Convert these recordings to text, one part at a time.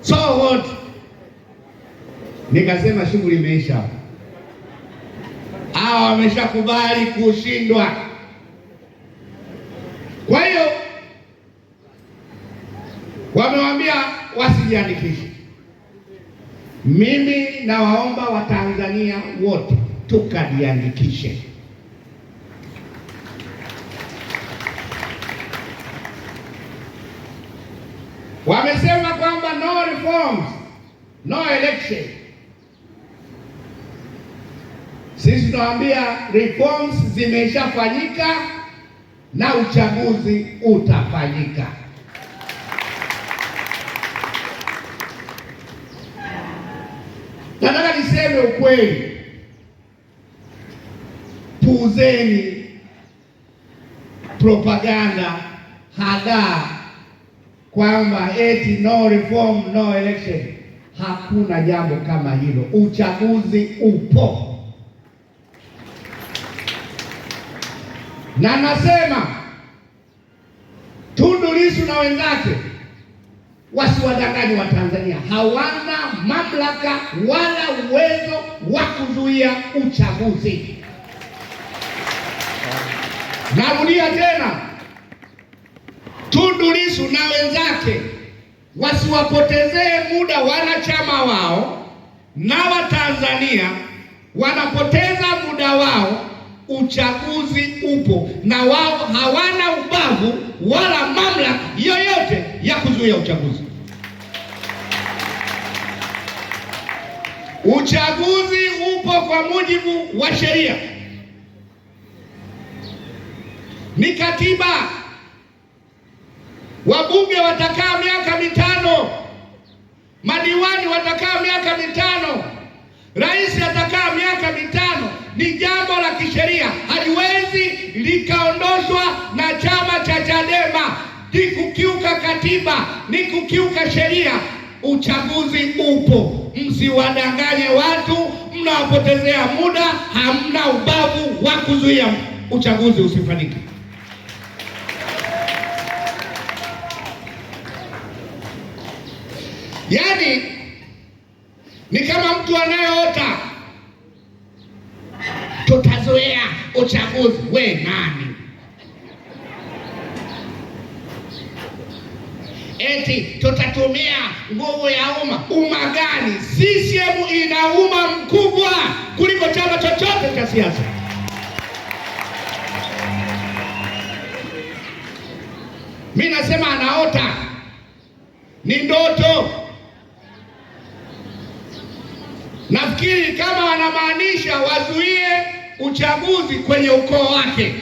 so what? Nikasema shughuli imeisha, hawa wameshakubali kushindwa. Kwa hiyo wamewaambia wasijiandikishe. Mimi nawaomba Watanzania wote tukajiandikishe. Wamesema kwamba no reforms, no election. Sisi tunawaambia reforms zimeshafanyika na uchaguzi utafanyika. Nataka niseme ukweli, puuzeni propaganda hadaa kwamba eti no reform no election. Hakuna jambo kama hilo. Uchaguzi upo, na nasema Tundu Lissu na wenzake wasiwadanganye tanzania hawana mamlaka wala uwezo wa kuzuia uchaguzi. Narudia tena Tundu Lissu na wenzake wasiwapotezee muda wanachama wao na Watanzania wanapoteza muda wao. Uchaguzi upo na wao hawana ubavu wala mamlaka yoyote ya kuzuia uchaguzi. Uchaguzi upo kwa mujibu wa sheria, ni katiba wabunge watakaa miaka mitano, madiwani watakaa miaka mitano, rais atakaa miaka mitano. Ni jambo la kisheria, haliwezi likaondoshwa na chama cha Chadema. Ni kukiuka katiba, ni kukiuka sheria. Uchaguzi upo, msiwadanganye watu, mnawapotezea muda, hamna ubavu wa kuzuia uchaguzi usifanyike. Yaani ni kama mtu anayeota tutazoea uchaguzi. We nani? Eti tutatumia nguvu ya umma. Umma gani? CCM ina umma mkubwa kuliko chama chochote cha siasa. mi nasema anaota Nafikiri kama wanamaanisha wazuie uchaguzi kwenye ukoo wake.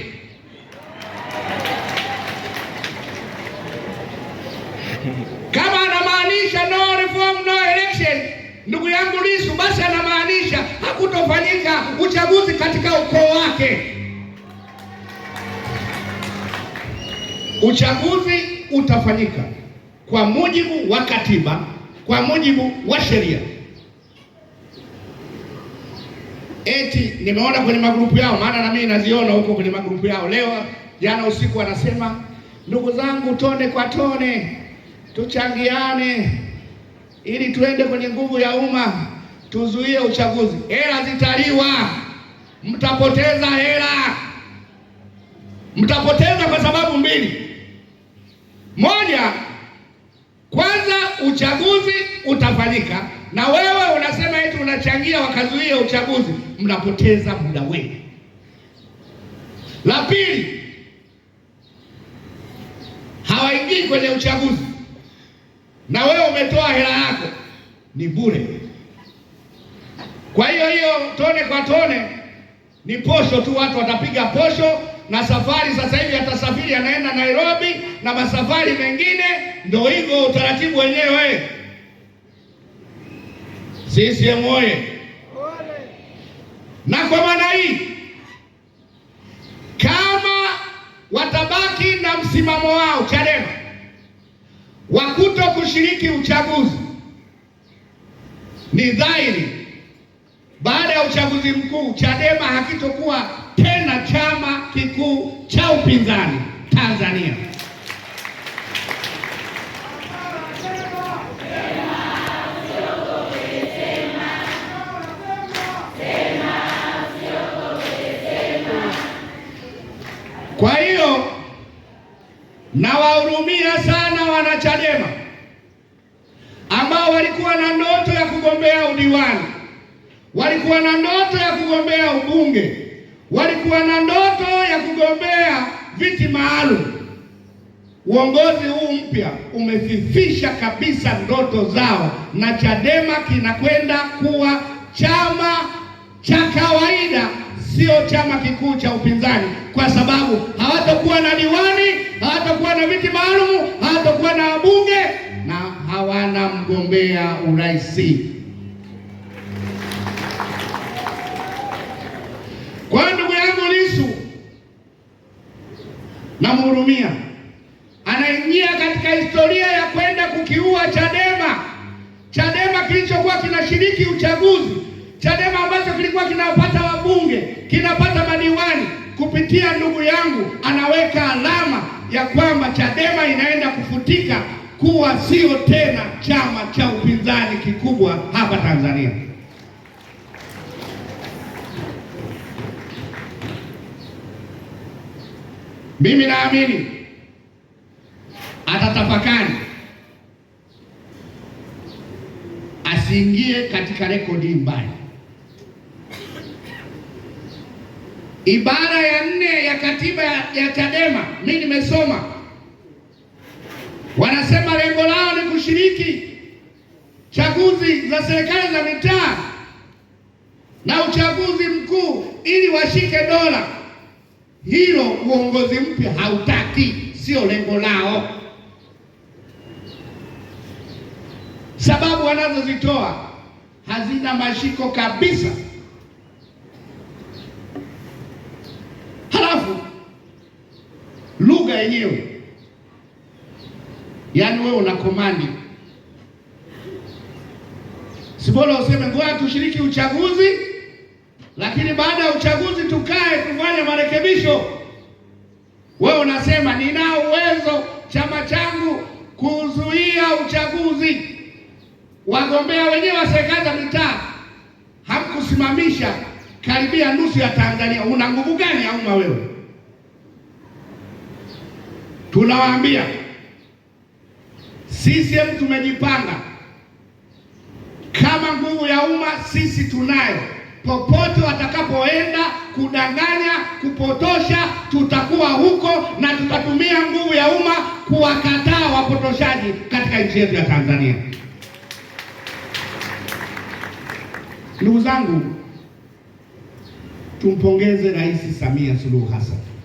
Kama anamaanisha no reform no election, ndugu yangu Lissu, basi anamaanisha hakutofanyika uchaguzi katika ukoo wake. Uchaguzi utafanyika kwa mujibu wa katiba, kwa mujibu wa sheria. eti nimeona kwenye magrupu yao, maana na mimi naziona huko kwenye magrupu yao. Leo jana usiku wanasema, ndugu zangu, tone kwa tone tuchangiane ili tuende kwenye nguvu ya umma, tuzuie uchaguzi. Hela zitaliwa, mtapoteza hela, mtapoteza kwa sababu mbili. Moja, kwanza uchaguzi utafanyika na wewe unasema eti unachangia wakazuia uchaguzi, mnapoteza muda wenu. La pili, hawaingii kwenye uchaguzi na wewe umetoa hela yako, ni bure. Kwa hiyo hiyo tone kwa tone ni posho tu, watu watapiga posho na safari sasa hivi atasafiri anaenda Nairobi na masafari mengine, ndio hivyo utaratibu wenyewe. CCM oye! Na kwa maana hii, kama watabaki na msimamo wao Chadema wa kuto kushiriki uchaguzi, ni dhahiri baada ya uchaguzi mkuu Chadema hakitokuwa tena chama kikuu cha upinzani Tanzania. Nawahurumia sana wanachadema ambao walikuwa na ndoto ya kugombea udiwani, walikuwa na ndoto ya kugombea ubunge, walikuwa na ndoto ya kugombea viti maalum. Uongozi huu mpya umefifisha kabisa ndoto zao, na Chadema kinakwenda kuwa chama cha kawaida, sio chama kikuu cha upinzani, kwa sababu hawatakuwa na diwani viti maalum, hatakuwa na wabunge na hawana mgombea urais. Kwa ndugu yangu Lissu namhurumia, anaingia katika historia ya kwenda kukiua Chadema, Chadema kilichokuwa kinashiriki uchaguzi, Chadema ambacho kilikuwa kinapata wabunge, kinapata madiwani kupitia ndugu yangu, anaweka alama ya kwamba Chadema inaenda kufutika kuwa sio tena chama cha upinzani kikubwa hapa Tanzania. Mimi naamini atatafakari asiingie katika rekodi mbaya. ibara ya nne ya katiba ya Chadema, mimi nimesoma, wanasema lengo lao ni kushiriki chaguzi za serikali za mitaa na uchaguzi mkuu ili washike dola. Hilo uongozi mpya hautaki, sio lengo lao. Sababu wanazozitoa hazina mashiko kabisa. mpira yenyewe. Yaani wewe una komandi, si bora useme ngoja tushiriki uchaguzi, lakini baada ya uchaguzi tukae tufanye marekebisho. Wewe unasema nina uwezo chama changu kuzuia uchaguzi, wagombea wenyewe wa serikali za mitaa hamkusimamisha karibia nusu ya Tanzania. Una nguvu gani? Auma wewe tunawaambia CCM tumejipanga kama nguvu ya umma, sisi tunayo. Popote watakapoenda kudanganya, kupotosha, tutakuwa huko na tutatumia nguvu ya umma kuwakataa wapotoshaji katika nchi yetu ya Tanzania. Ndugu zangu, tumpongeze Rais Samia Suluhu Hassan.